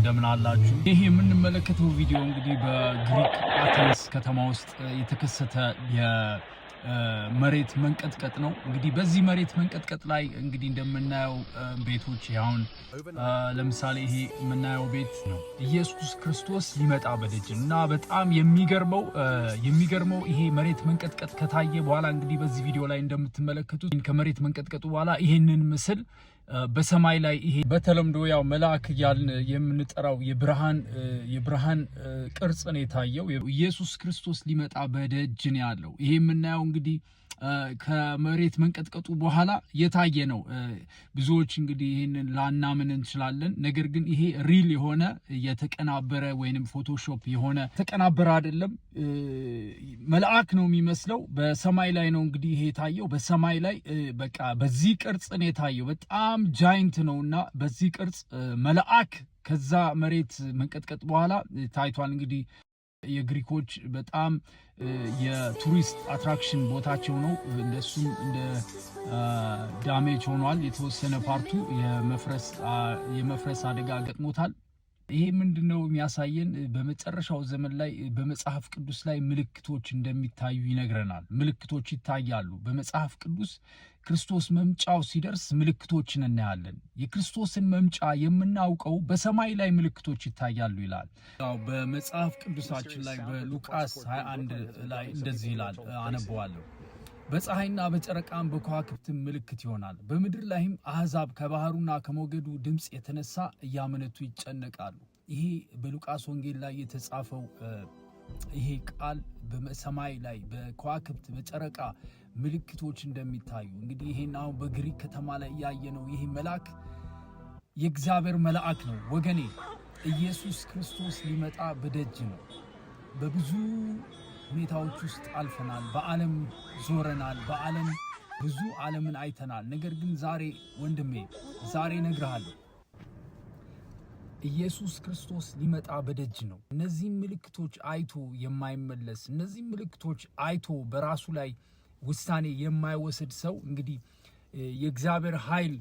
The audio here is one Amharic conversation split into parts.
እንደምን አላችሁ። ይህ የምንመለከተው ቪዲዮ እንግዲህ በግሪክ አቴንስ ከተማ ውስጥ የተከሰተ የመሬት መንቀጥቀጥ ነው። እንግዲህ በዚህ መሬት መንቀጥቀጥ ላይ እንግዲህ እንደምናየው ቤቶች ያሁን ለምሳሌ ይሄ የምናየው ቤት ነው። ኢየሱስ ክርስቶስ ሊመጣ በደጅ እና በጣም የሚገርመው የሚገርመው ይሄ መሬት መንቀጥቀጥ ከታየ በኋላ እንግዲህ በዚህ ቪዲዮ ላይ እንደምትመለከቱት ከመሬት መንቀጥቀጡ በኋላ ይህንን ምስል በሰማይ ላይ ይሄ በተለምዶ ያው መልአክ እያልን የምንጠራው የብርሃን የብርሃን ቅርጽ ነው የታየው። ኢየሱስ ክርስቶስ ሊመጣ በደጅ ነው ያለው። ይሄ የምናየው እንግዲህ ከመሬት መንቀጥቀጡ በኋላ የታየ ነው። ብዙዎች እንግዲህ ይህንን ላናምን እንችላለን። ነገር ግን ይሄ ሪል የሆነ የተቀናበረ ወይንም ፎቶሾፕ የሆነ ተቀናበረ አይደለም። መልአክ ነው የሚመስለው። በሰማይ ላይ ነው እንግዲህ ይሄ የታየው። በሰማይ ላይ በቃ በዚህ ቅርጽ ነው የታየው በጣም በጣም ጃይንት ነው እና በዚህ ቅርጽ መልአክ ከዛ መሬት መንቀጥቀጥ በኋላ ታይቷል። እንግዲህ የግሪኮች በጣም የቱሪስት አትራክሽን ቦታቸው ነው። እንደሱም እንደ ዳሜጅ ሆኗል። የተወሰነ ፓርቱ የመፍረስ አደጋ ገጥሞታል። ይሄ ምንድን ነው የሚያሳየን? በመጨረሻው ዘመን ላይ በመጽሐፍ ቅዱስ ላይ ምልክቶች እንደሚታዩ ይነግረናል። ምልክቶች ይታያሉ። በመጽሐፍ ቅዱስ ክርስቶስ መምጫው ሲደርስ ምልክቶችን እናያለን። የክርስቶስን መምጫ የምናውቀው በሰማይ ላይ ምልክቶች ይታያሉ ይላል። በመጽሐፍ ቅዱሳችን ላይ በሉቃስ 21 ላይ እንደዚህ ይላል፣ አነበዋለሁ በፀሐይና በጨረቃም በከዋክብትም ምልክት ይሆናል። በምድር ላይም አሕዛብ ከባህሩና ከሞገዱ ድምፅ የተነሳ እያመነቱ ይጨነቃሉ። ይሄ በሉቃስ ወንጌል ላይ የተጻፈው ይሄ ቃል በሰማይ ላይ በከዋክብት በጨረቃ ምልክቶች እንደሚታዩ እንግዲህ ይሄን አሁን በግሪክ ከተማ ላይ እያየ ነው። ይሄ መልአክ የእግዚአብሔር መልአክ ነው ወገኔ። ኢየሱስ ክርስቶስ ሊመጣ በደጅ ነው። በብዙ ሁኔታዎች ውስጥ አልፈናል። በዓለም ዞረናል። በዓለም ብዙ ዓለምን አይተናል። ነገር ግን ዛሬ ወንድሜ ዛሬ ነግርሃለሁ ኢየሱስ ክርስቶስ ሊመጣ በደጅ ነው። እነዚህም ምልክቶች አይቶ የማይመለስ እነዚህም ምልክቶች አይቶ በራሱ ላይ ውሳኔ የማይወስድ ሰው እንግዲህ የእግዚአብሔር ኃይል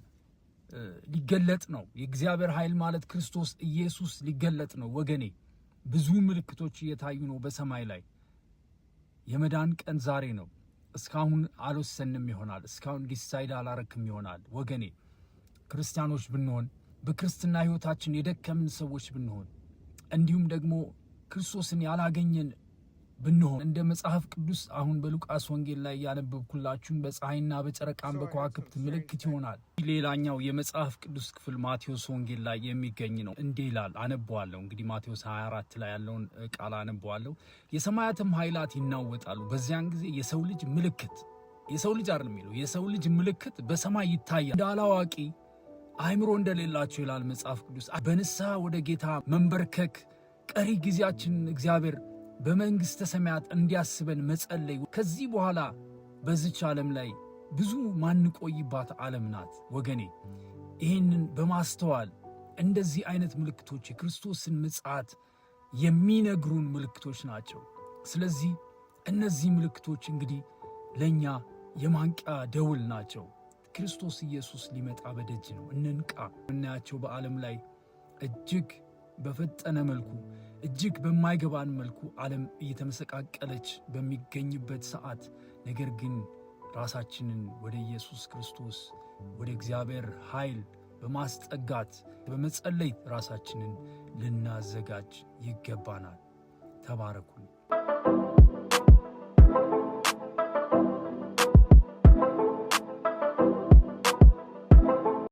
ሊገለጥ ነው። የእግዚአብሔር ኃይል ማለት ክርስቶስ ኢየሱስ ሊገለጥ ነው። ወገኔ ብዙ ምልክቶች እየታዩ ነው በሰማይ ላይ የመዳን ቀን ዛሬ ነው። እስካሁን አልወሰንም ይሆናል፣ እስካሁን ዲሳይድ አላረክም ይሆናል። ወገኔ ክርስቲያኖች ብንሆን በክርስትና ህይወታችን የደከምን ሰዎች ብንሆን እንዲሁም ደግሞ ክርስቶስን ያላገኘን ብንሆን እንደ መጽሐፍ ቅዱስ አሁን በሉቃስ ወንጌል ላይ ያነበብኩላችሁን በፀሐይና በጨረቃን በከዋክብት ምልክት ይሆናል። ሌላኛው የመጽሐፍ ቅዱስ ክፍል ማቴዎስ ወንጌል ላይ የሚገኝ ነው። እንዲህ ይላል፣ አነበዋለሁ። እንግዲህ ማቴዎስ 24 ላይ ያለውን ቃል አነበዋለሁ። የሰማያትም ኃይላት ይናወጣሉ፣ በዚያን ጊዜ የሰው ልጅ ምልክት የሰው ልጅ አይደል የሚለው የሰው ልጅ ምልክት በሰማይ ይታያል እንደ አላዋቂ አእምሮ እንደሌላቸው ይላል መጽሐፍ ቅዱስ። በንስሐ ወደ ጌታ መንበርከክ ቀሪ ጊዜያችን እግዚአብሔር በመንግሥተ ሰማያት እንዲያስበን መጸለይ። ከዚህ በኋላ በዚች ዓለም ላይ ብዙ ማንቆይባት ዓለም ናት ወገኔ። ይህንን በማስተዋል እንደዚህ አይነት ምልክቶች የክርስቶስን ምጽዓት የሚነግሩን ምልክቶች ናቸው። ስለዚህ እነዚህ ምልክቶች እንግዲህ ለእኛ የማንቂያ ደውል ናቸው። ክርስቶስ ኢየሱስ ሊመጣ በደጅ ነው። እንንቃ። የምናያቸው በዓለም ላይ እጅግ በፈጠነ መልኩ እጅግ በማይገባን መልኩ ዓለም እየተመሰቃቀለች በሚገኝበት ሰዓት ነገር ግን ራሳችንን ወደ ኢየሱስ ክርስቶስ ወደ እግዚአብሔር ኃይል በማስጠጋት በመጸለይ ራሳችንን ልናዘጋጅ ይገባናል። ተባረኩ።